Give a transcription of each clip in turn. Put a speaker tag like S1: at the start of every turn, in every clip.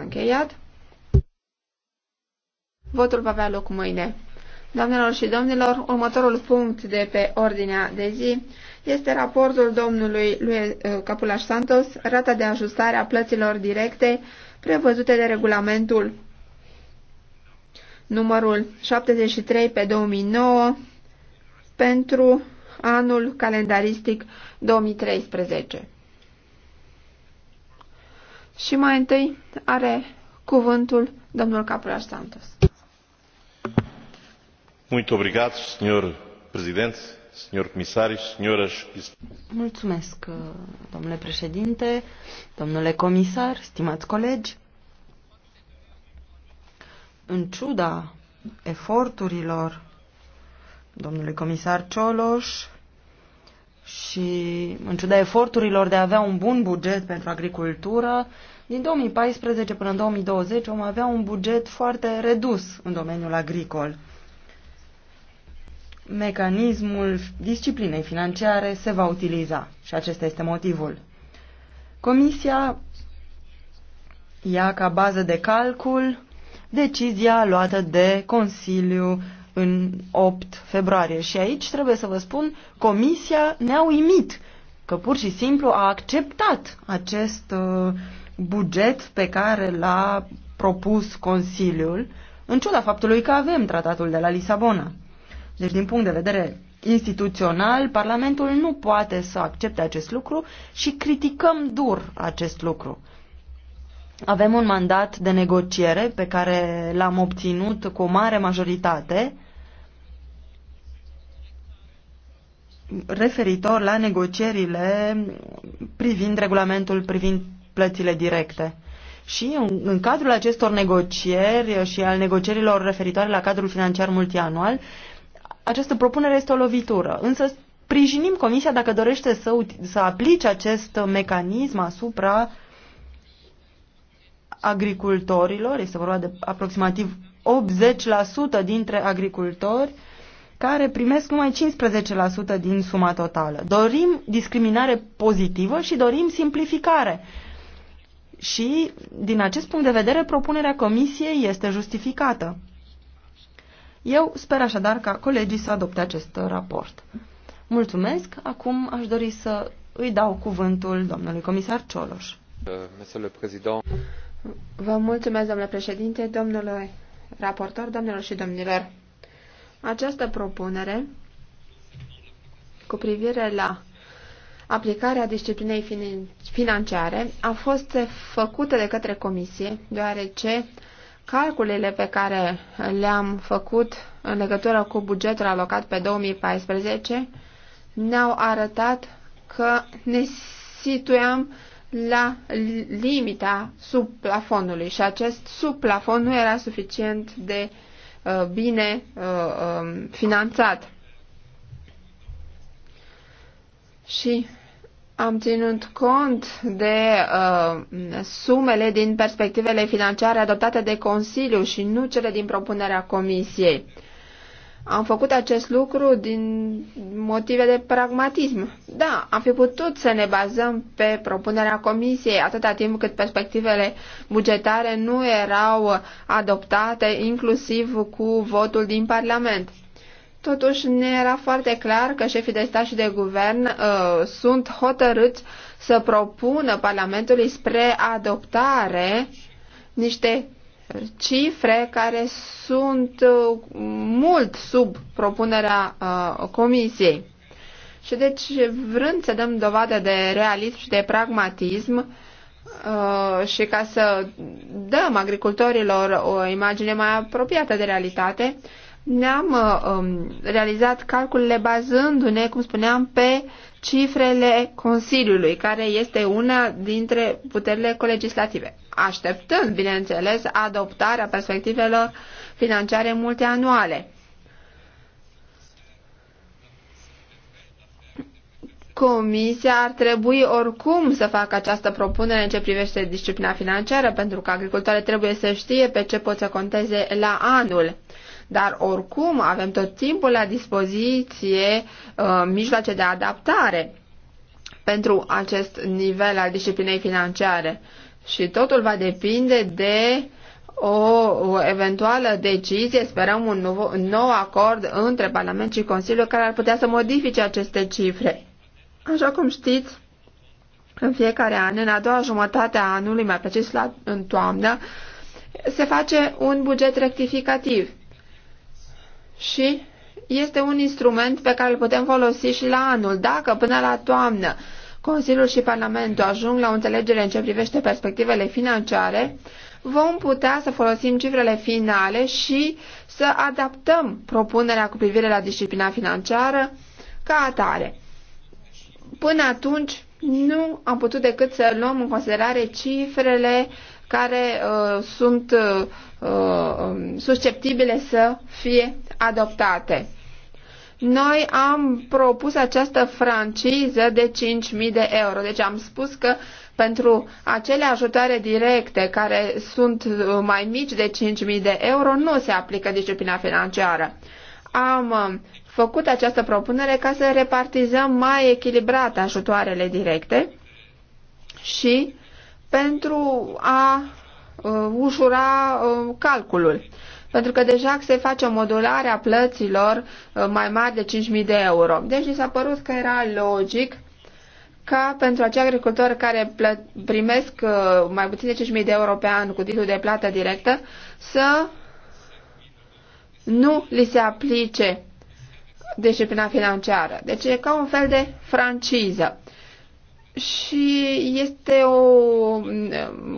S1: încheiat. Votul va avea loc mâine. Doamnelor și domnilor, următorul punct de pe ordinea de zi este raportul domnului lui uh, Capulaș Santos, rata de ajustare a plăților directe prevăzute de regulamentul numărul 73 pe 2009 pentru anul calendaristic 2013. Și mai întâi are cuvântul domnul Capulas Santos.
S2: Muito obrigado, senhor presidente, senhor comissário, senhoras
S3: Mulțumesc, domnule președinte, domnule comisar, stimați colegi. În ciuda eforturilor domnului comisar Cioloș, și în ciuda eforturilor de a avea un bun buget pentru agricultură, din 2014 până în 2020 vom avea un buget foarte redus în domeniul agricol. Mecanismul disciplinei financiare se va utiliza și acesta este motivul. Comisia ia ca bază de calcul decizia luată de Consiliu în 8 februarie. Și aici trebuie să vă spun, Comisia ne-a uimit că pur și simplu a acceptat acest uh, buget pe care l-a propus Consiliul, în ciuda faptului că avem tratatul de la Lisabona. Deci, din punct de vedere instituțional, Parlamentul nu poate să accepte acest lucru și criticăm dur acest lucru. Avem un mandat de negociere pe care l-am obținut cu o mare majoritate referitor la negocierile privind regulamentul privind plățile directe. Și în, în cadrul acestor negocieri și al negocierilor referitoare la cadrul financiar multianual, această propunere este o lovitură. Însă sprijinim Comisia dacă dorește să, să aplice acest mecanism asupra agricultorilor, este vorba de aproximativ 80% dintre agricultori care primesc numai 15% din suma totală. Dorim discriminare pozitivă și dorim simplificare. Uh, și, din acest punct de vedere, propunerea Comisiei este justificată. Eu sper așadar ca colegii să adopte acest raport. Mulțumesc. Acum aș dori să îi dau cuvântul domnului comisar Cioloș.
S1: Vă mulțumesc, domnule președinte, domnule raportor, domnilor și domnilor. Această propunere cu privire la aplicarea disciplinei financiare a fost făcută de către comisie, deoarece calculele pe care le-am făcut în legătură cu bugetul alocat pe 2014 ne-au arătat că ne situam la limita sub plafonului și acest sub plafon nu era suficient de uh, bine uh, um, finanțat. Și am ținut cont de uh, sumele din perspectivele financiare adoptate de Consiliu și nu cele din propunerea Comisiei. Am făcut acest lucru din motive de pragmatism. Da, am fi putut să ne bazăm pe propunerea Comisiei atâta timp cât perspectivele bugetare nu erau adoptate, inclusiv cu votul din Parlament. Totuși ne era foarte clar că șefii de stat și de guvern uh, sunt hotărâți să propună Parlamentului spre adoptare niște cifre care sunt uh, mult sub propunerea uh, Comisiei. Și deci, vrând să dăm dovadă de realism și de pragmatism, uh, și ca să dăm agricultorilor o imagine mai apropiată de realitate, ne-am uh, um, realizat calculele bazându-ne, cum spuneam, pe cifrele Consiliului, care este una dintre puterile colegislative, așteptând, bineînțeles, adoptarea perspectivelor financiare multianuale. Comisia ar trebui oricum să facă această propunere în ce privește disciplina financiară, pentru că agricultorii trebuie să știe pe ce pot să conteze la anul. Dar oricum avem tot timpul la dispoziție uh, mijloace de adaptare pentru acest nivel al disciplinei financiare. Și totul va depinde de o eventuală decizie, sperăm un nou, un nou acord între Parlament și Consiliu care ar putea să modifice aceste cifre. Așa cum știți, în fiecare an, în a doua jumătate a anului, mai precis la, în toamnă, se face un buget rectificativ și este un instrument pe care îl putem folosi și la anul. Dacă până la toamnă Consiliul și Parlamentul ajung la o înțelegere în ce privește perspectivele financiare, vom putea să folosim cifrele finale și să adaptăm propunerea cu privire la disciplina financiară ca atare. Până atunci, nu am putut decât să luăm în considerare cifrele care uh, sunt uh, uh um, susceptibile să fie adoptate. Noi am propus această franciză de 5.000 de euro. Deci am spus că pentru acele ajutoare directe care sunt uh, mai mici de 5.000 de euro nu se aplică disciplina financiară. Am um, făcut această propunere ca să repartizăm mai echilibrat ajutoarele directe și pentru a uh, ușura uh, calculul pentru că deja se face o modulare a plăților uh, mai mari de 5.000 de euro. Deci mi s-a părut că era logic ca pentru acei agricultori care primesc uh, mai puțin de 5.000 de euro pe an cu titlul de plată directă să nu li se aplice disciplina financiară. Deci e ca un fel de franciză. Și este o,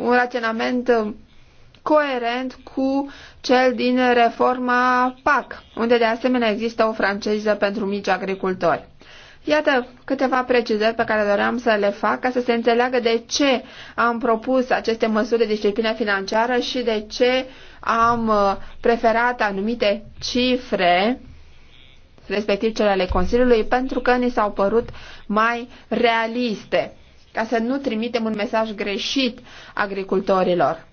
S1: un raționament coerent cu cel din reforma PAC, unde de asemenea există o franceză pentru mici agricultori. Iată câteva precizări pe care doream să le fac ca să se înțeleagă de ce am propus aceste măsuri de disciplină financiară și de ce am uh, preferat anumite cifre respectiv cele ale Consiliului, pentru că ni s-au părut mai realiste, ca să nu trimitem un mesaj greșit agricultorilor.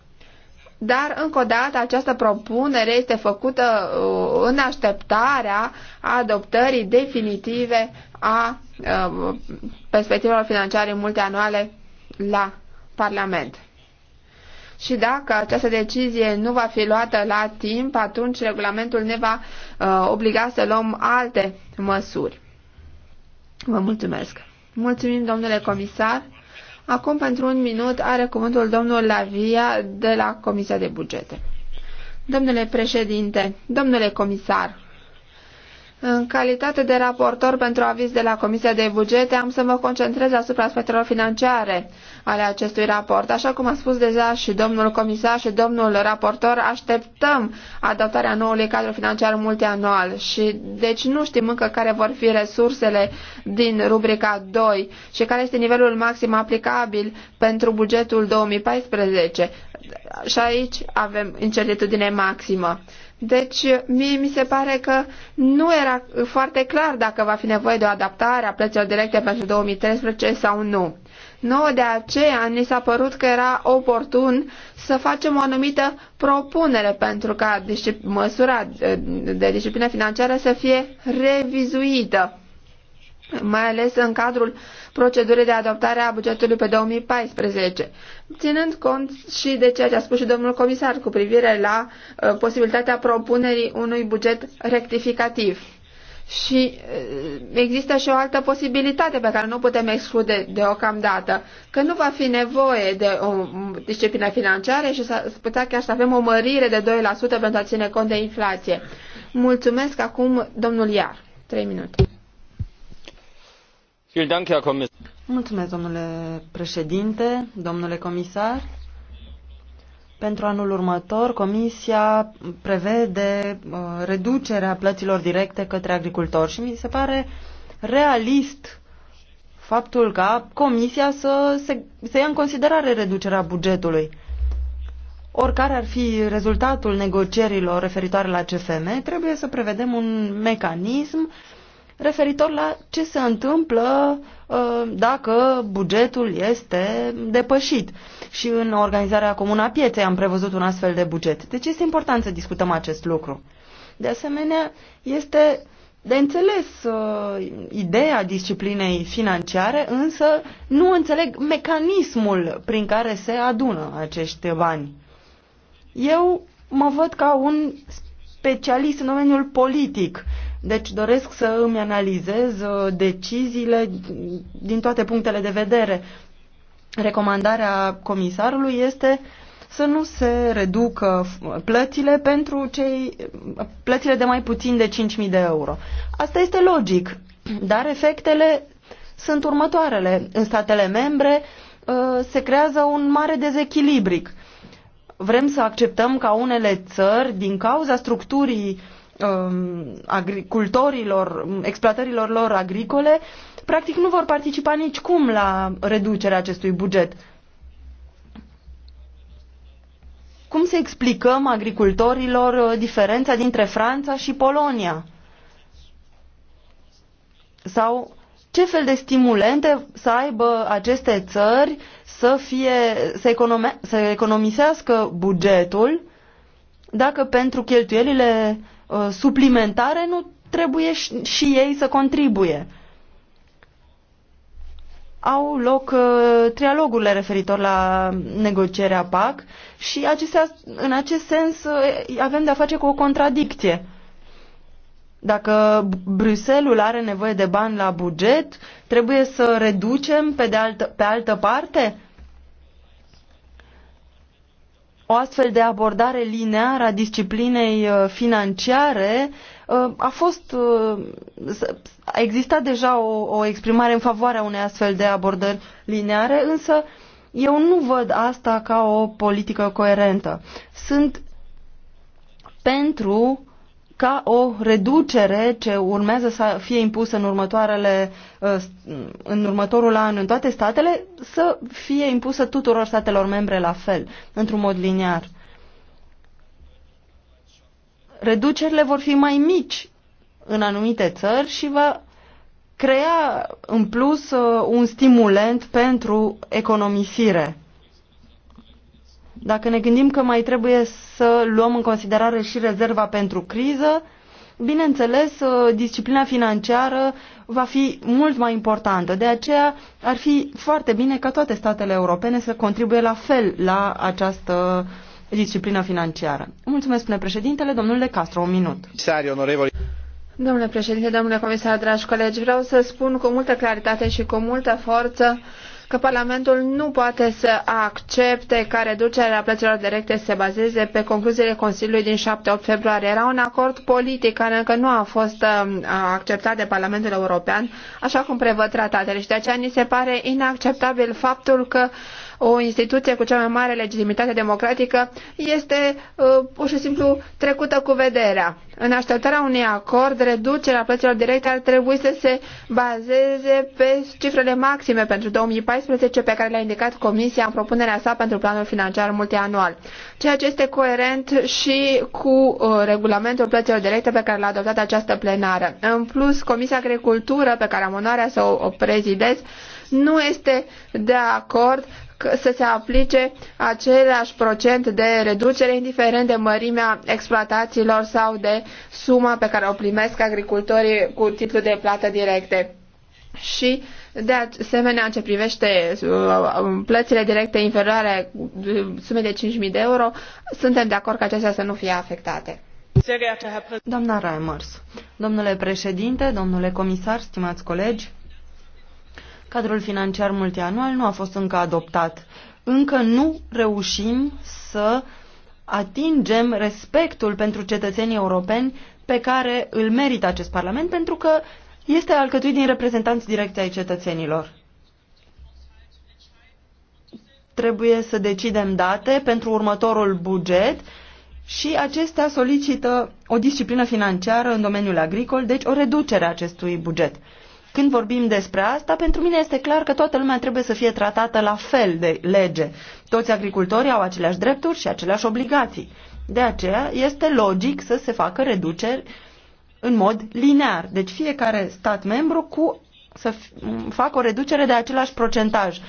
S1: Dar, încă o dată, această propunere este făcută uh, în așteptarea adoptării definitive a uh, perspectivelor financiare multianuale la Parlament. Și dacă această decizie nu va fi luată la timp, atunci regulamentul ne va uh, obliga să luăm alte măsuri. Vă mulțumesc. Mulțumim, domnule comisar. Acum, pentru un minut, are cuvântul domnul Lavia de la Comisia de Bugete. Domnule președinte, domnule comisar, în calitate de raportor pentru aviz de la Comisia de Bugete, am să mă concentrez asupra aspectelor financiare ale acestui raport. Așa cum a spus deja și domnul comisar și domnul raportor, așteptăm adoptarea noului cadru financiar multianual și deci nu știm încă care vor fi resursele din rubrica 2 și care este nivelul maxim aplicabil pentru bugetul 2014. Și aici avem incertitudine maximă. Deci, mie mi se pare că nu era foarte clar dacă va fi nevoie de o adaptare a plăților directe pentru 2013 sau nu. Nouă de aceea ni s-a părut că era oportun să facem o anumită propunere pentru ca măsura de disciplină financiară să fie revizuită mai ales în cadrul procedurii de adoptare a bugetului pe 2014, ținând cont și de ceea ce a spus și domnul comisar cu privire la uh, posibilitatea propunerii unui buget rectificativ. Și uh, există și o altă posibilitate pe care nu putem exclude deocamdată, că nu va fi nevoie de o um, disciplină financiară și s-ar putea chiar să avem o mărire de 2% pentru a ține cont de inflație. Mulțumesc acum
S3: domnul Iar. 3 minute. Mulțumesc, domnule președinte, domnule comisar. Pentru anul următor, Comisia prevede uh, reducerea plăților directe către agricultori și mi se pare realist faptul ca Comisia să, se, să ia în considerare reducerea bugetului. Oricare ar fi rezultatul negocierilor referitoare la CFM, trebuie să prevedem un mecanism uh, referitor la ce se întâmplă uh, dacă bugetul este depășit. Și în organizarea comună a pieței am prevăzut un astfel de buget. Deci este important să discutăm acest lucru. De asemenea, este de înțeles uh, ideea disciplinei financiare, însă nu înțeleg mecanismul prin care se adună acești bani. Eu mă văd ca un specialist în domeniul politic deci doresc să îmi analizez uh, deciziile din toate punctele de vedere. Recomandarea comisarului este să nu se reducă plățile pentru cei plățile de mai puțin de 5.000 de euro. Asta este logic, dar efectele sunt următoarele. În statele membre uh, se creează un mare dezechilibric. Vrem să acceptăm ca unele țări, din cauza structurii uh, Um, agricultorilor, exploatărilor lor agricole, practic nu vor participa nicicum la reducerea acestui buget. Cum să explicăm agricultorilor uh, diferența dintre Franța și Polonia? Sau ce fel de stimulente să aibă aceste țări să, fie, să, econome, să economisească bugetul dacă pentru cheltuielile Uh, suplimentare, nu trebuie și ei să contribuie. Au loc uh, trialogurile referitor la negocierea PAC și acestea, în acest sens uh, avem de-a face cu o contradicție. Dacă Bruselul are nevoie de bani la buget, trebuie să reducem pe, de altă, pe altă parte? O astfel de abordare lineară a disciplinei uh, financiare uh, a fost. Uh, a existat deja o, o exprimare în favoarea unei astfel de abordări lineare, însă eu nu văd asta ca o politică coerentă. Sunt pentru ca o reducere ce urmează să fie impusă în, următoarele, ă, în următorul an în toate statele să fie impusă tuturor statelor membre la fel, într-un mod liniar. Reducerile vor fi mai mici în anumite țări și va crea în plus ă, un stimulent pentru economisire. Dacă ne gândim că mai trebuie să luăm în considerare și rezerva pentru criză, bineînțeles, uh, disciplina financiară va fi mult mai importantă. De aceea ar fi foarte bine ca toate statele europene să contribuie la fel la această disciplină financiară. Mulțumesc, spune președintele, domnule Castro, un minut.
S1: Domnule președinte, domnule comisar, dragi colegi, vreau să spun cu multă claritate și cu multă forță că Parlamentul nu poate să accepte ca reducerea plăților directe se bazeze pe concluziile Consiliului din 7-8 februarie. Era un acord politic care încă nu a fost um, acceptat de Parlamentul European, așa cum prevăd tratatele și de aceea ni se pare inacceptabil faptul că o instituție cu cea mai mare legitimitate democratică este uh, pur și simplu trecută cu vederea. În așteptarea unui acord, reducerea plăților directe ar trebui să se bazeze pe cifrele maxime pentru 2014 pe care le-a indicat Comisia în propunerea sa pentru planul financiar multianual, ceea ce este coerent și cu uh, regulamentul plăților directe pe care l-a adoptat această plenară. În plus, Comisia Agricultură, pe care am onoarea să o, o prezidez, nu este de acord să se aplice același procent de reducere, indiferent de mărimea exploatațiilor sau de suma pe care o primesc agricultorii cu titlu de plată directe. Și de asemenea, în ce privește uh, plățile directe inferioare uh, sume de 5.000 de euro, suntem de acord că acestea să nu fie afectate.
S3: Doamna Reimers, domnule președinte, domnule comisar, stimați colegi, Cadrul financiar multianual nu a fost încă adoptat. Încă nu reușim să atingem respectul pentru cetățenii europeni pe care îl merită acest Parlament, pentru că este alcătuit din reprezentanți directi ai cetățenilor. Trebuie să decidem date pentru următorul buget și acestea solicită o disciplină financiară în domeniul agricol, deci o reducere a acestui buget. Când vorbim despre asta, pentru mine este clar că toată lumea trebuie să fie tratată la fel de lege. Toți agricultorii au aceleași drepturi și aceleași obligații. De aceea este logic să se facă reduceri în mod linear. Deci fiecare stat membru cu să facă o reducere de același procentaj.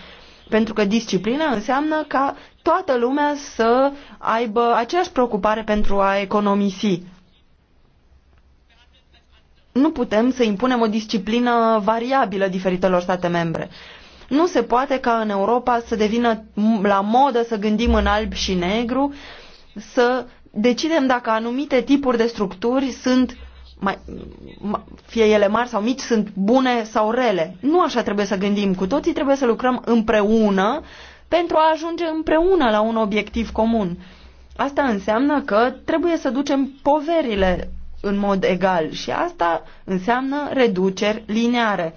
S3: Pentru că disciplina înseamnă ca toată lumea să aibă aceeași preocupare pentru a economisi nu putem să impunem o disciplină variabilă diferitelor state membre. Nu se poate ca în Europa să devină la modă să gândim în alb și negru, să decidem dacă anumite tipuri de structuri sunt mai, fie ele mari sau mici, sunt bune sau rele. Nu așa trebuie să gândim. Cu toții trebuie să lucrăm împreună pentru a ajunge împreună la un obiectiv comun. Asta înseamnă că trebuie să ducem poverile în mod egal și asta înseamnă reduceri lineare.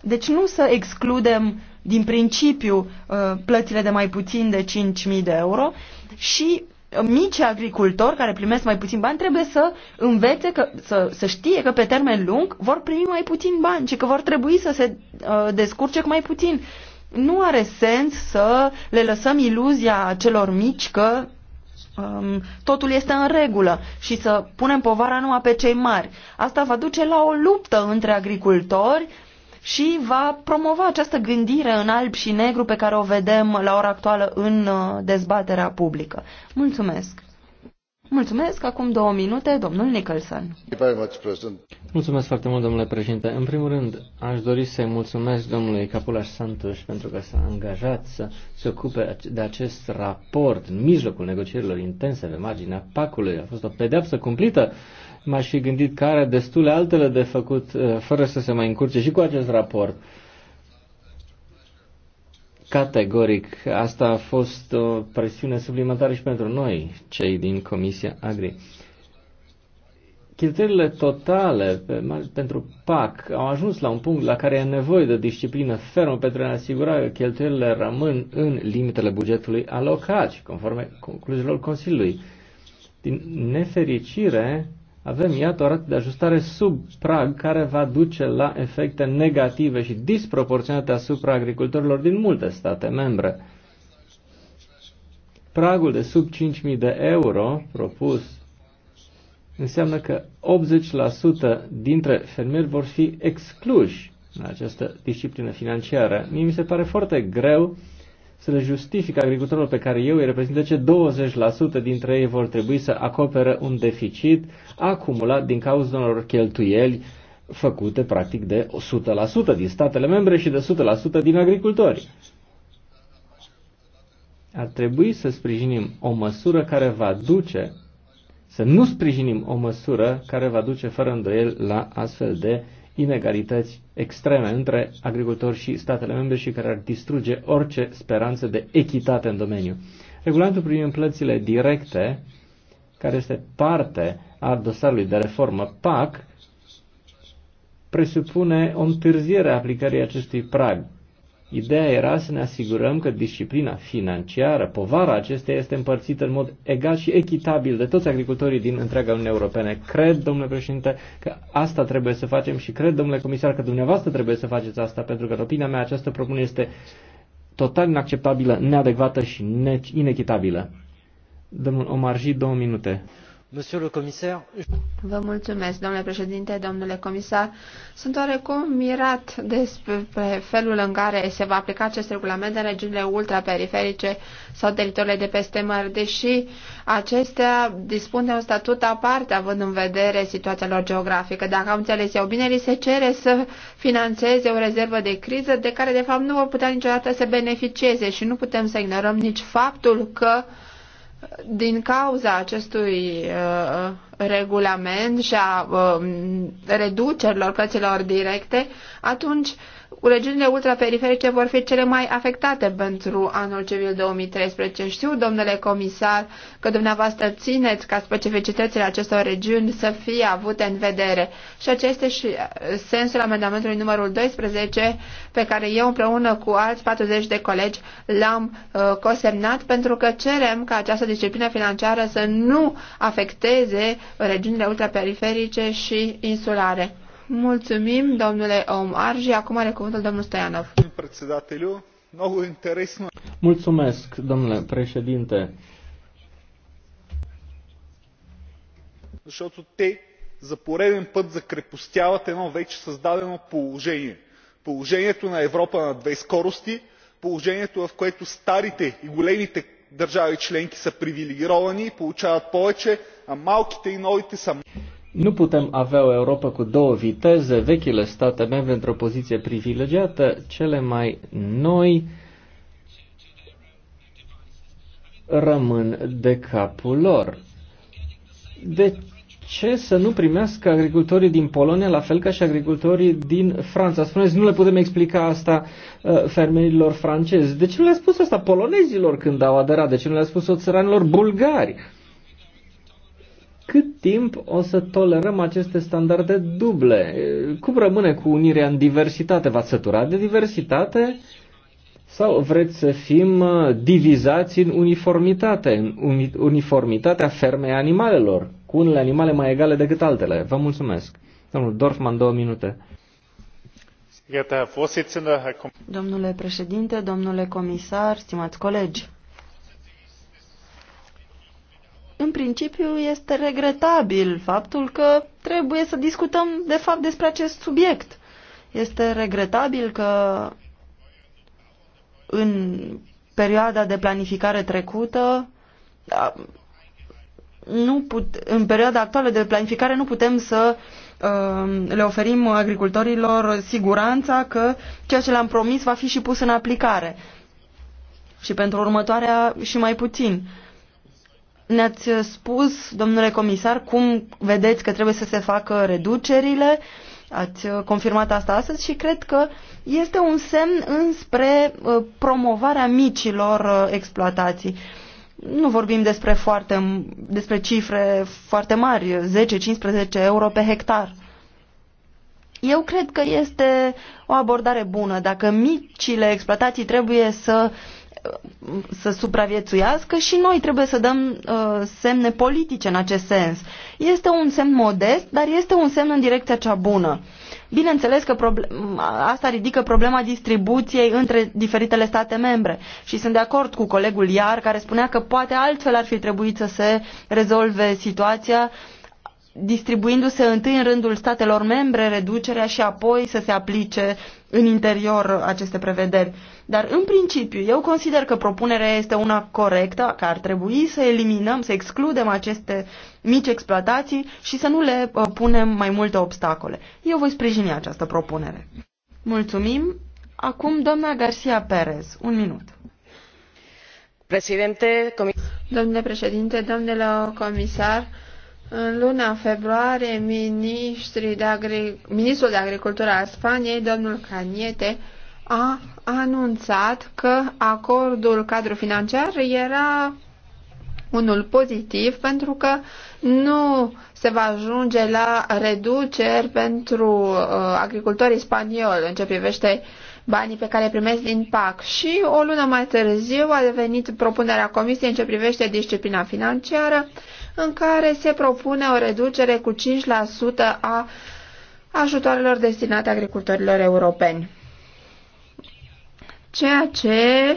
S3: Deci nu să excludem din principiu uh, plățile de mai puțin de 5.000 de euro și mici agricultori care primesc mai puțin bani trebuie să învețe, că, să, să știe că pe termen lung vor primi mai puțin bani și că vor trebui să se uh, descurce cu mai puțin. Nu are sens să le lăsăm iluzia celor mici că um, totul este în regulă și să punem povara numai pe cei mari. Asta va duce la o luptă între agricultori și va promova această gândire în alb și negru pe care o vedem la ora actuală în uh, dezbaterea publică. Mulțumesc! Mulțumesc. Acum două minute, domnul Nicholson.
S2: Mulțumesc foarte mult, domnule președinte. În primul rând, aș dori să-i mulțumesc domnului Capulaș Santos pentru că s-a angajat să se ocupe de acest raport în mijlocul negocierilor intense pe marginea pacului. A fost o pedeapsă cumplită. M-aș fi gândit că are destule altele de făcut eh, fără să se mai încurce și cu acest raport categoric. Asta a fost o presiune suplimentară și pentru noi, cei din Comisia Agri. Cheltuielile totale pe, pentru PAC au ajuns la un punct la care e nevoie de disciplină fermă pentru a ne asigura că cheltuielile rămân în limitele bugetului alocat și conform concluziilor Consiliului. Din nefericire, avem, iată, o rată de ajustare sub prag care va duce la efecte negative și disproporționate asupra agricultorilor din multe state membre. Pragul de sub 5.000 de euro propus înseamnă că 80% dintre fermieri vor fi excluși în această disciplină financiară. Mie mi se pare foarte greu să le justific agricultorul pe care eu îi reprezintă ce 20% dintre ei vor trebui să acoperă un deficit acumulat din cauza unor cheltuieli făcute practic de 100% din statele membre și de 100% din agricultori. Ar trebui să sprijinim o măsură care va duce, să nu sprijinim o măsură care va duce fără îndoiel la astfel de inegalități extreme între agricultori și statele membre și care ar distruge orice speranță de echitate în domeniu. Regulamentul privind plățile directe, care este parte a dosarului de reformă PAC, presupune o întârziere a aplicării acestui prag Ideea era să ne asigurăm că disciplina financiară, povara acesteia este împărțită în mod egal și echitabil de toți agricultorii din întreaga Uniune Europene. Cred, domnule președinte, că asta trebuie să facem și cred, domnule comisar, că dumneavoastră trebuie să faceți asta, pentru că, în opinia mea, această propunere este total inacceptabilă, neadecvată și inechitabilă. Domnul Omarji, două minute.
S1: Vă mulțumesc, domnule președinte, domnule comisar. Sunt oarecum mirat despre felul în care se va aplica acest regulament în regiunile ultraperiferice sau teritoriile de peste mări, deși acestea dispun de un statut aparte, având în vedere situația lor geografică. Dacă am înțeles eu bine, li se cere să financeze o rezervă de criză de care, de fapt, nu vor putea niciodată să beneficieze și nu putem să ignorăm nici faptul că din cauza acestui uh, regulament și a uh, reducerilor plăților directe, atunci uh, regiunile ultraperiferice vor fi cele mai afectate pentru anul civil 2013. Știu, domnule comisar, că dumneavoastră țineți ca specificitățile acestor regiuni să fie avute în vedere. Și acesta este și uh, sensul amendamentului numărul 12, pe care eu împreună cu alți 40 de colegi l-am uh, cosemnat, pentru că cerem ca această disciplină financiară să nu afecteze regiunile ultraperiferice și insulare. Mulțumim, domnule Omar, și acum are cuvântul domnul Stoianov.
S2: Mulțumesc, domnule președinte. Защото те за пореден път закрепостяват едно вече създадено положение. Положението на Европа на две скорости, положението в което старите и големите държави членки са привилегировани и получават повече, а малките и новите са nu putem avea o Europa cu două viteze, vechile state membre într-o poziție privilegiată, cele mai noi rămân de capul lor. De ce să nu primească agricultorii din Polonia la fel ca și agricultorii din Franța? Spuneți, nu le putem explica asta uh, fermierilor francezi. De ce nu le-a spus asta polonezilor când au aderat? De ce nu le-a spus o țăranilor bulgari? cât timp o să tolerăm aceste standarde duble? Cum rămâne cu unirea în diversitate? V-ați săturat de diversitate? Sau vreți să fim uh, divizați în uniformitate, în uniformitatea fermei animalelor, cu unele animale mai egale decât altele? Vă mulțumesc. Domnul Dorfman, două minute.
S3: Domnule președinte, domnule comisar, stimați colegi, în principiu este regretabil faptul că trebuie să discutăm de fapt despre acest subiect. Este regretabil că în perioada de planificare trecută nu put, în perioada actuală de planificare nu putem să um, le oferim agricultorilor siguranța că ceea ce le-am promis va fi și pus în aplicare. Și pentru următoarea și mai puțin. Uh, ne-ați spus, domnule comisar, cum vedeți că trebuie să se facă reducerile. Ați confirmat asta astăzi și cred că este un semn înspre uh, promovarea micilor uh, exploatații. Nu vorbim despre, foarte, despre cifre foarte mari, 10-15 euro pe hectar. Eu cred că este o abordare bună. Dacă micile exploatații trebuie să uh, să supraviețuiască și noi trebuie să dăm uh, semne politice în acest sens. Este un semn modest, dar este un semn în direcția cea bună. Bineînțeles că asta ridică problema distribuției între diferitele state membre și sunt de acord cu colegul Iar care spunea că poate altfel ar fi trebuit să se rezolve situația uh, distribuindu-se întâi în rândul statelor membre reducerea și apoi să se aplice în interior aceste prevederi. Dar în principiu, eu consider că propunerea este una corectă, că ar trebui să eliminăm, să excludem aceste mici exploatații și să nu le uh, punem mai multe obstacole. Eu voi sprijini această propunere. Mulțumim. Acum doamna Garcia Perez. Un minut. Președinte, comis- Domnule președinte, domnule
S1: comisar, în luna februarie, de agric... ministrul de agricultură al Spaniei, domnul Caniete, a anunțat că acordul cadru financiar era unul pozitiv pentru că nu se va ajunge la reduceri pentru uh, agricultorii spanioli în ce privește banii pe care îi primesc din PAC. Și o lună mai târziu a devenit propunerea Comisiei în ce privește disciplina financiară în care se propune o reducere cu 5% a ajutoarelor destinate agricultorilor europeni. Ceea ce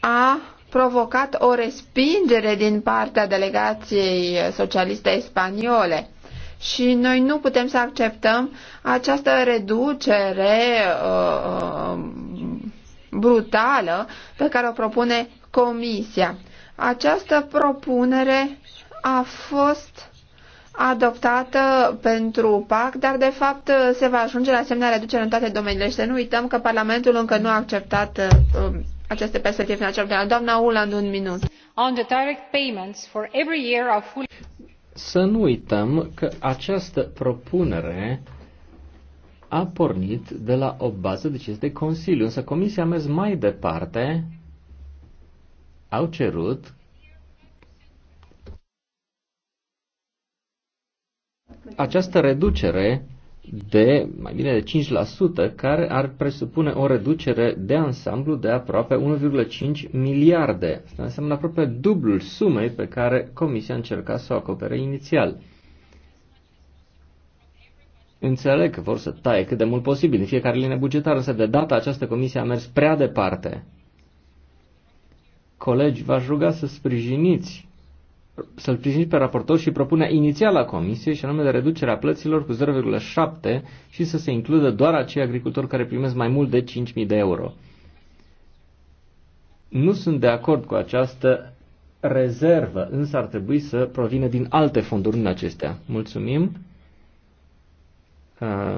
S1: a provocat o respingere din partea delegației socialiste spaniole. Și noi nu putem să acceptăm această reducere uh, uh brutală pe care o propune Comisia. Această propunere a fost adoptată pentru PAC, dar de fapt se va ajunge la asemenea reducere în toate domeniile și să nu uităm că Parlamentul încă nu a acceptat uh, aceste perspective financiare. Dar doamna Uland, un minut. On the direct payments for every year of full...
S2: Să nu uităm că această propunere a pornit de la o bază de de Consiliu, însă Comisia a mers mai departe au cerut această reducere de mai bine de 5%, care ar presupune o reducere de ansamblu de aproape 1,5 miliarde. Asta înseamnă aproape dublul sumei pe care Comisia încerca să o acopere inițial. Înțeleg că vor să taie cât de mult posibil în fiecare linie bugetară, însă de data această comisie a mers prea departe. Colegi, v-aș ruga să sprijiniți să-l sprijiniți pe raportor și propunea inițială a Comisiei, și anume de reducerea plăților cu 0,7 și să se includă doar acei agricultori care primesc mai mult de 5.000 de euro. Nu sunt de acord cu această rezervă, însă ar trebui să provină din alte fonduri în acestea. Mulțumim. Uh,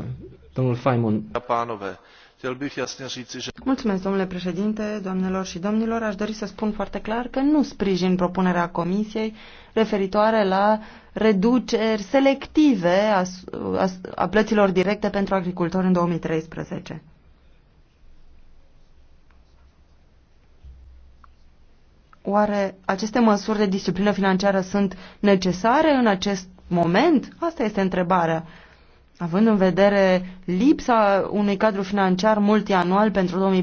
S2: domnul Faimon. Pánové,
S3: Mulțumesc, domnule președinte, doamnelor și domnilor. Aș dori să spun foarte clar că nu sprijin propunerea Comisiei referitoare la reduceri selective a, a, a plăților directe pentru agricultori în 2013. Oare aceste măsuri de disciplină financiară sunt necesare în acest moment? Asta este întrebarea. Având în vedere lipsa unui cadru financiar multianual pentru 2014-2020,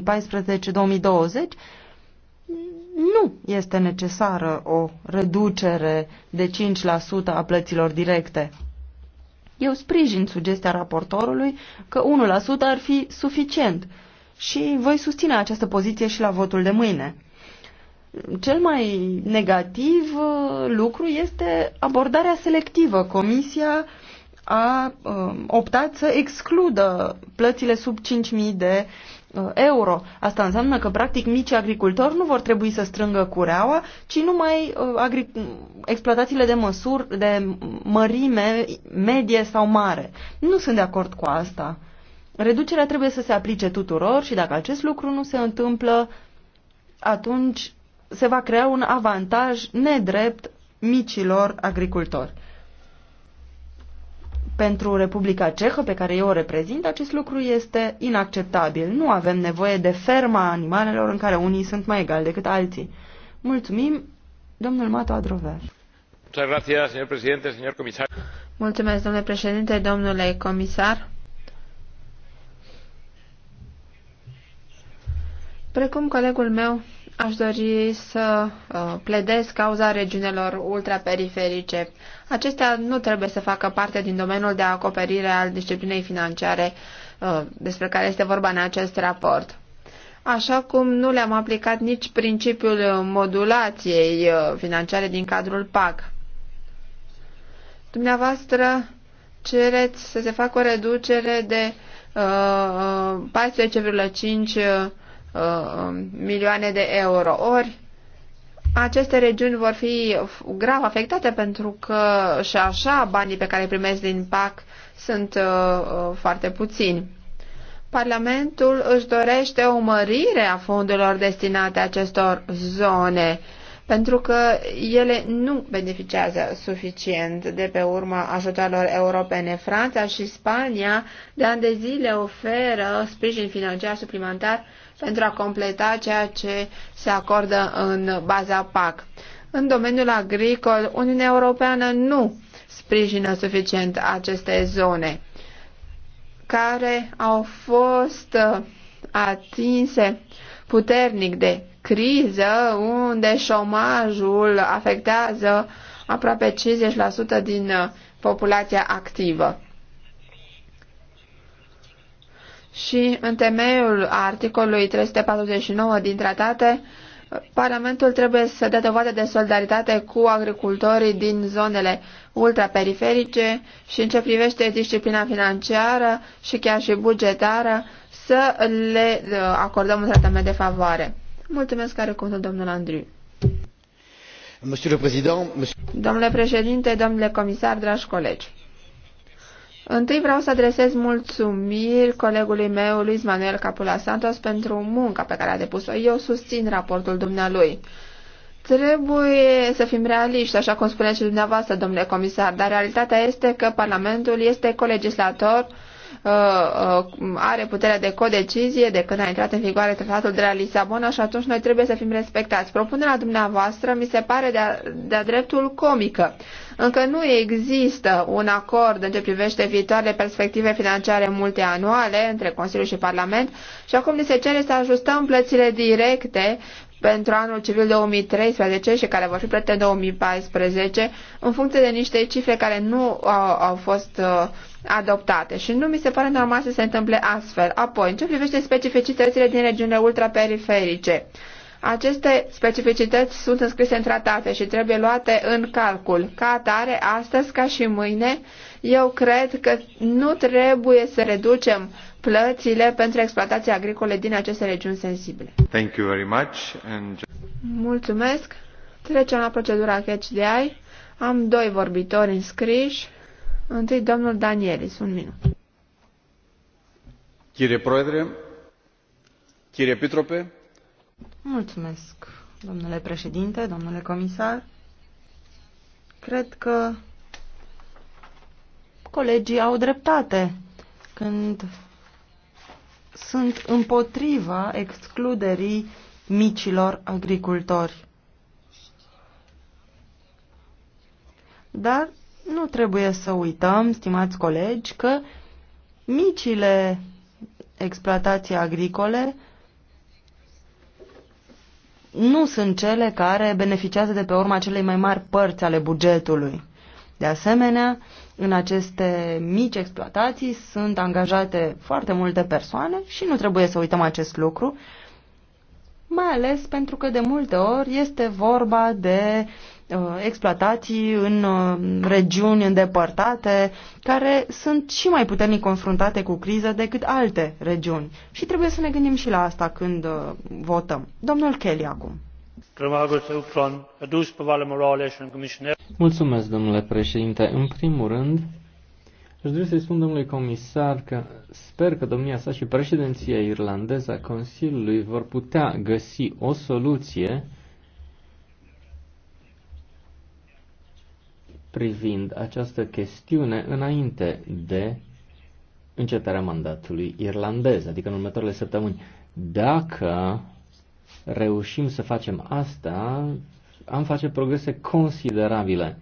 S3: nu este necesară o reducere de 5% a plăților directe. Eu sprijin sugestia raportorului că 1% ar fi suficient și voi susține această poziție și la votul de mâine. Cel mai negativ uh, lucru este abordarea selectivă. Comisia uh, a um, optat să excludă plățile sub 5.000 de uh, euro. Asta înseamnă că, practic, mici agricultori nu vor trebui să strângă cureaua, ci numai uh, agri... exploatațiile de măsuri, de mărime medie sau mare. Nu sunt de acord cu asta. Reducerea trebuie să se aplice tuturor și dacă acest lucru nu se întâmplă, atunci se va crea un avantaj nedrept micilor agricultori. Pentru Republica Cehă, pe care eu o reprezint, acest lucru este inacceptabil. Nu avem nevoie de ferma animalelor în care unii sunt mai egali decât alții. Mulțumim, domnul Mato Adrover. Mulțumesc, domnule președinte,
S1: domnule comisar. Precum colegul meu, Aș dori să uh, pledez cauza regiunilor ultraperiferice. Acestea nu trebuie să facă parte din domeniul de acoperire al disciplinei financiare uh, despre care este vorba în acest raport. Așa cum nu le-am aplicat nici principiul modulației uh, financiare din cadrul PAC. Dumneavoastră cereți să se facă o reducere de uh, 14,5 Uh, milioane de euro. Ori aceste regiuni vor fi grav afectate pentru că și așa banii pe care îi primesc din PAC sunt uh, uh, foarte puțini. Parlamentul își dorește o mărire a fondurilor destinate acestor zone pentru că ele nu beneficiază suficient de pe urma ajutorilor europene. Franța și Spania de ani de zile oferă sprijin financiar suplimentar pentru a completa ceea ce se acordă în baza PAC. În domeniul agricol, Uniunea Europeană nu sprijină suficient aceste zone care au fost uh, atinse puternic de criză, unde șomajul afectează aproape 50% din uh, populația activă. și în temeiul articolului 349 din tratate, Parlamentul trebuie să dea dovadă de solidaritate cu agricultorii din zonele ultraperiferice și în ce privește disciplina financiară și chiar și bugetară să le uh, acordăm un tratament de favoare. Mulțumesc care cuvântul domnul Andriu. Domnule președinte, domnule comisar, dragi colegi. Întâi vreau să adresez mulțumiri colegului meu, Luis Manuel Capula Santos, pentru munca pe care a depus-o. Eu susțin raportul dumnealui. Trebuie să fim realiști, așa cum spuneți și dumneavoastră, domnule comisar, dar realitatea este că Parlamentul este colegislator Uh, uh, are puterea de codecizie de când a intrat în vigoare tratatul de la Lisabona și atunci noi trebuie să fim respectați. Propunerea dumneavoastră mi se pare de-a, de dreptul comică. Încă nu există un acord în ce privește viitoarele perspective financiare multianuale între Consiliu și Parlament și acum ni se cere să ajustăm plățile directe pentru anul civil 2013 și care vor fi plătite în 2014 în funcție de niște cifre care nu au, au fost uh, adoptate și nu mi se pare normal să se întâmple astfel. Apoi, în ce privește specificitățile din regiunile ultraperiferice, aceste specificități sunt înscrise în tratate și trebuie luate în calcul. Ca atare, astăzi ca și mâine, eu cred că nu trebuie să reducem plățile pentru exploatații agricole din aceste regiuni sensibile.
S2: Thank you very much and...
S1: Mulțumesc. Trecem la procedura catch de ai. Am doi vorbitori înscriși. Întâi domnul Danielis,
S3: un minut.
S2: Chire proedre, chire pitrope.
S3: Mulțumesc, domnule președinte, domnule comisar. Cred că colegii au dreptate când sunt împotriva excluderii micilor agricultori. Dar nu trebuie să uităm, stimați colegi, că micile exploatații agricole nu sunt cele care beneficiază de pe urma celei mai mari părți ale bugetului. De asemenea, în aceste mici exploatații sunt angajate foarte multe persoane și nu trebuie să uităm acest lucru, mai ales pentru că de multe ori este vorba de uh, exploatații în uh, regiuni îndepărtate care sunt și mai puternic confruntate cu criză decât alte regiuni. Și trebuie să ne gândim și la asta când uh, votăm. Domnul Kelly acum.
S2: Mulțumesc, domnule președinte. În primul rând, aș dori să-i spun domnului comisar că sper că domnia sa și președinția irlandeză a Consiliului vor putea găsi o soluție privind această chestiune înainte de încetarea mandatului irlandez, adică în următoarele săptămâni. Dacă reușim să facem asta, am face progrese considerabile.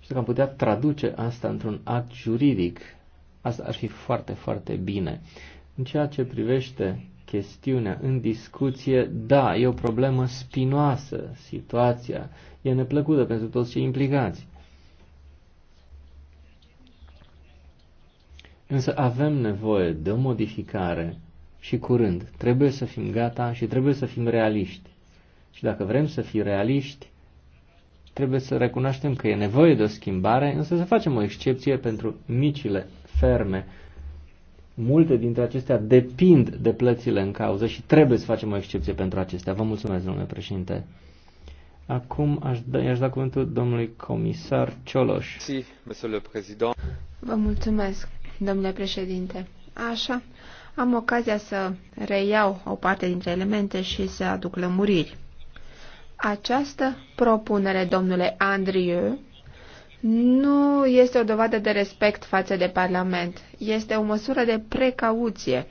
S2: Și că am putea traduce asta într-un act juridic, asta ar fi foarte, foarte bine. În ceea ce privește chestiunea în discuție, da, e o problemă spinoasă situația, e neplăcută pentru toți cei implicați. Însă avem nevoie de o modificare și curând. Trebuie să fim gata și trebuie să fim realiști. Și dacă vrem să fim realiști, trebuie să recunoaștem că e nevoie de o schimbare, însă să facem o excepție pentru micile ferme. Multe dintre acestea depind de plățile în cauză și trebuie să facem o excepție pentru acestea. Vă mulțumesc, domnule președinte. Acum aș da, aș da cuvântul domnului comisar Cioloș. Vă
S1: mulțumesc, domnule președinte. Așa, am ocazia să reiau o parte dintre elemente și să aduc lămuriri. Această propunere, domnule Andrieu, nu este o dovadă de respect față de Parlament. Este o măsură de precauție.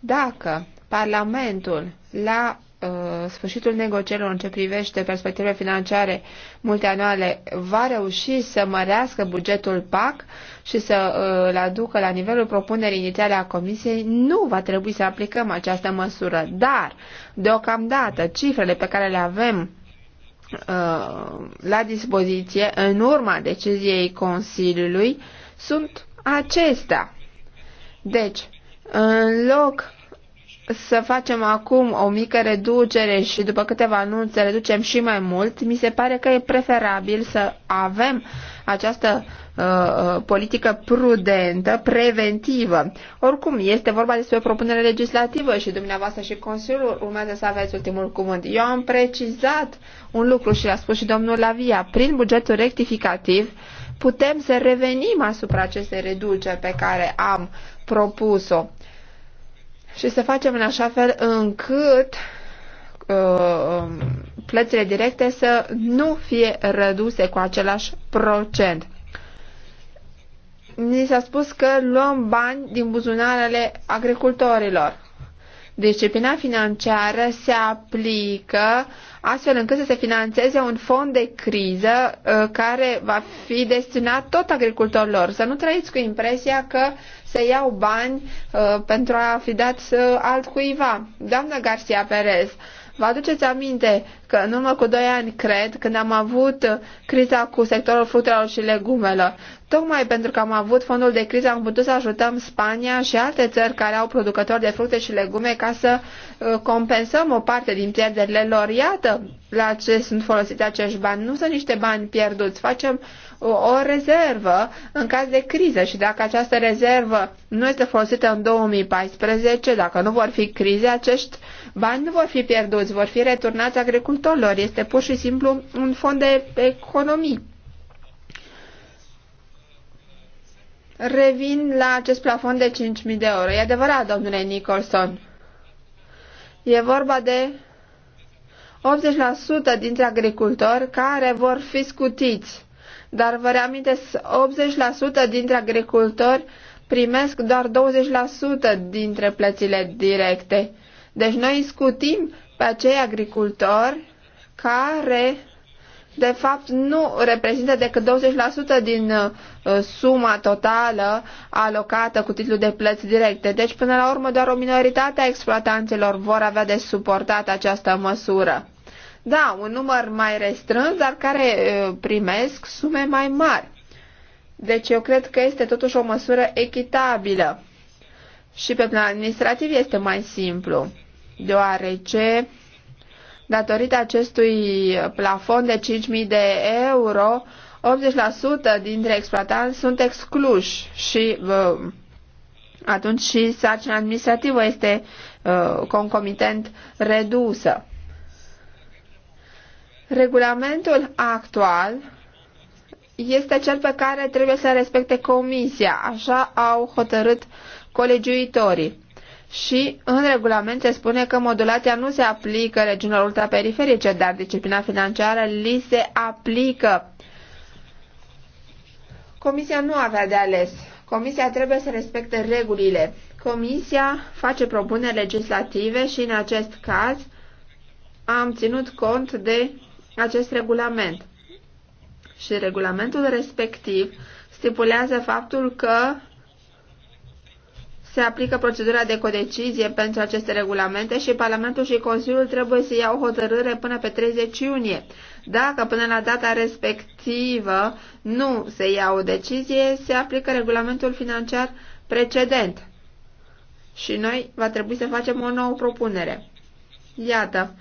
S1: Dacă Parlamentul, la Uh, sfârșitul negocierilor în ce privește perspectivele financiare multianuale va reuși să mărească bugetul PAC și să uh, îl aducă la nivelul propunerii inițiale a Comisiei, nu va trebui să aplicăm această măsură. Dar, deocamdată, cifrele pe care le avem uh, la dispoziție în urma deciziei Consiliului sunt acestea. Deci, în loc să facem acum o mică reducere și după câteva anunțe reducem și mai mult, mi se pare că e preferabil să avem această uh, uh, politică prudentă, preventivă. Oricum, este vorba despre o propunere legislativă și dumneavoastră și Consiliul urmează să aveți ultimul cuvânt. Eu am precizat un lucru și l-a spus și domnul Lavia. Prin bugetul rectificativ putem să revenim asupra acestei reduceri pe care am propus-o și să facem în așa fel încât uh, plățile directe să nu fie reduse cu același procent. Ni s-a spus că luăm bani din buzunarele agricultorilor. Disciplina financiară se aplică astfel încât să se financeze un fond de criză uh, care va fi destinat tot agricultorilor. Să nu trăiți cu impresia că se iau bani uh, pentru a fi dat uh, altcuiva. Doamna Garcia Perez, Vă aduceți aminte că în urmă cu doi ani, cred, când am avut criza cu sectorul fructelor și legumelor, tocmai pentru că am avut fondul de criză, am putut să ajutăm Spania și alte țări care au producători de fructe și legume ca să uh, compensăm o parte din pierderile lor. Iată la ce sunt folosite acești bani. Nu sunt niște bani pierduți. Facem uh, o rezervă în caz de criză și dacă această rezervă nu este folosită în 2014, dacă nu vor fi crize, acești Bani nu vor fi pierduți, vor fi returnați agricultorilor. Este pur și simplu un fond de economii. Revin la acest plafon de 5.000 de euro. E adevărat, domnule Nicholson. E vorba de 80% dintre agricultori care vor fi scutiți. Dar vă reamintesc, 80% dintre agricultori primesc doar 20% dintre plățile directe. Deci noi scutim pe acei agricultori care de fapt nu reprezintă decât 20% din uh, suma totală alocată cu titlul de plăți directe. Deci până la urmă doar o minoritate a exploatanților vor avea de suportat această măsură. Da, un număr mai restrâns, dar care uh, primesc sume mai mari. Deci eu cred că este totuși o măsură echitabilă. Și pe plan administrativ este mai simplu deoarece datorită acestui plafon de 5.000 de euro, 80% dintre exploatanți sunt excluși și uh, atunci și sarcina administrativă este uh, concomitent redusă. Regulamentul actual este cel pe care trebuie să respecte comisia, așa au hotărât colegiuitorii și în regulament se spune că modulația nu se aplică regiunilor ultraperiferice, dar disciplina financiară li se aplică. Comisia nu avea de ales. Comisia trebuie să respecte regulile. Comisia face propuneri legislative și în acest caz am ținut cont de acest regulament. Și regulamentul respectiv stipulează faptul că se aplică procedura de codecizie pentru aceste regulamente și Parlamentul și Consiliul trebuie să ia o hotărâre până pe 30 iunie. Dacă până la data respectivă nu se ia o decizie, se aplică regulamentul financiar precedent. Și noi va trebui să facem o nouă propunere. Iată,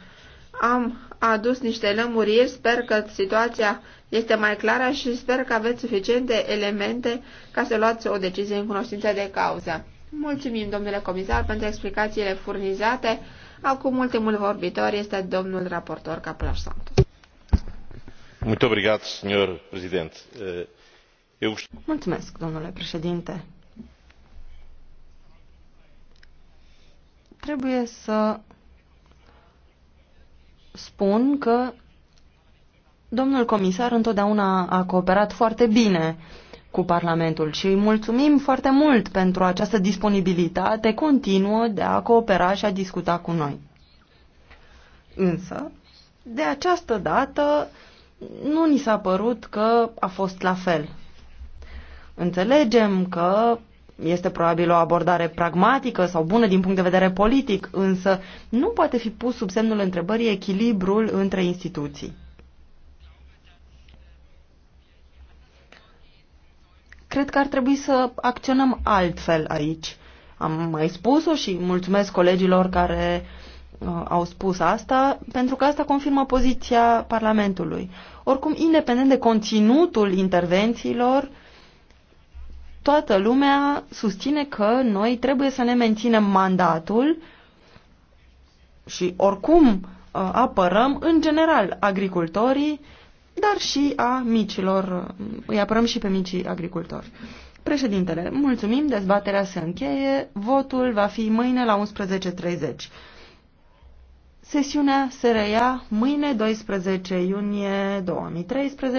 S1: am adus niște lămuriri, sper că situația este mai clară și sper că aveți suficiente elemente ca să luați o decizie în cunoștință de cauză. Mulțumim, domnule comisar, pentru explicațiile furnizate. Acum ultimul vorbitor este domnul raportor Caplaș Santos.
S2: Eh,
S3: Mulțumesc, domnule președinte. Trebuie să spun că domnul comisar întotdeauna a cooperat foarte bine cu Parlamentul și îi mulțumim foarte mult pentru această disponibilitate continuă de a coopera și a discuta cu noi. Însă, de această dată, nu ni s-a părut că a fost la fel. Înțelegem că este probabil o abordare pragmatică sau bună din punct de vedere politic, însă nu poate fi pus sub semnul întrebării echilibrul între instituții. Cred că ar trebui să acționăm altfel aici. Am mai spus-o și mulțumesc colegilor care uh, au spus asta, pentru că asta confirmă poziția Parlamentului. Oricum, independent de conținutul intervențiilor, toată lumea susține că noi trebuie să ne menținem mandatul și oricum uh, apărăm în general agricultorii dar și a micilor, îi apărăm și pe micii agricultori. Președintele, mulțumim, dezbaterea se încheie, votul va fi mâine la 11.30. Sesiunea se reia mâine 12 iunie 2013.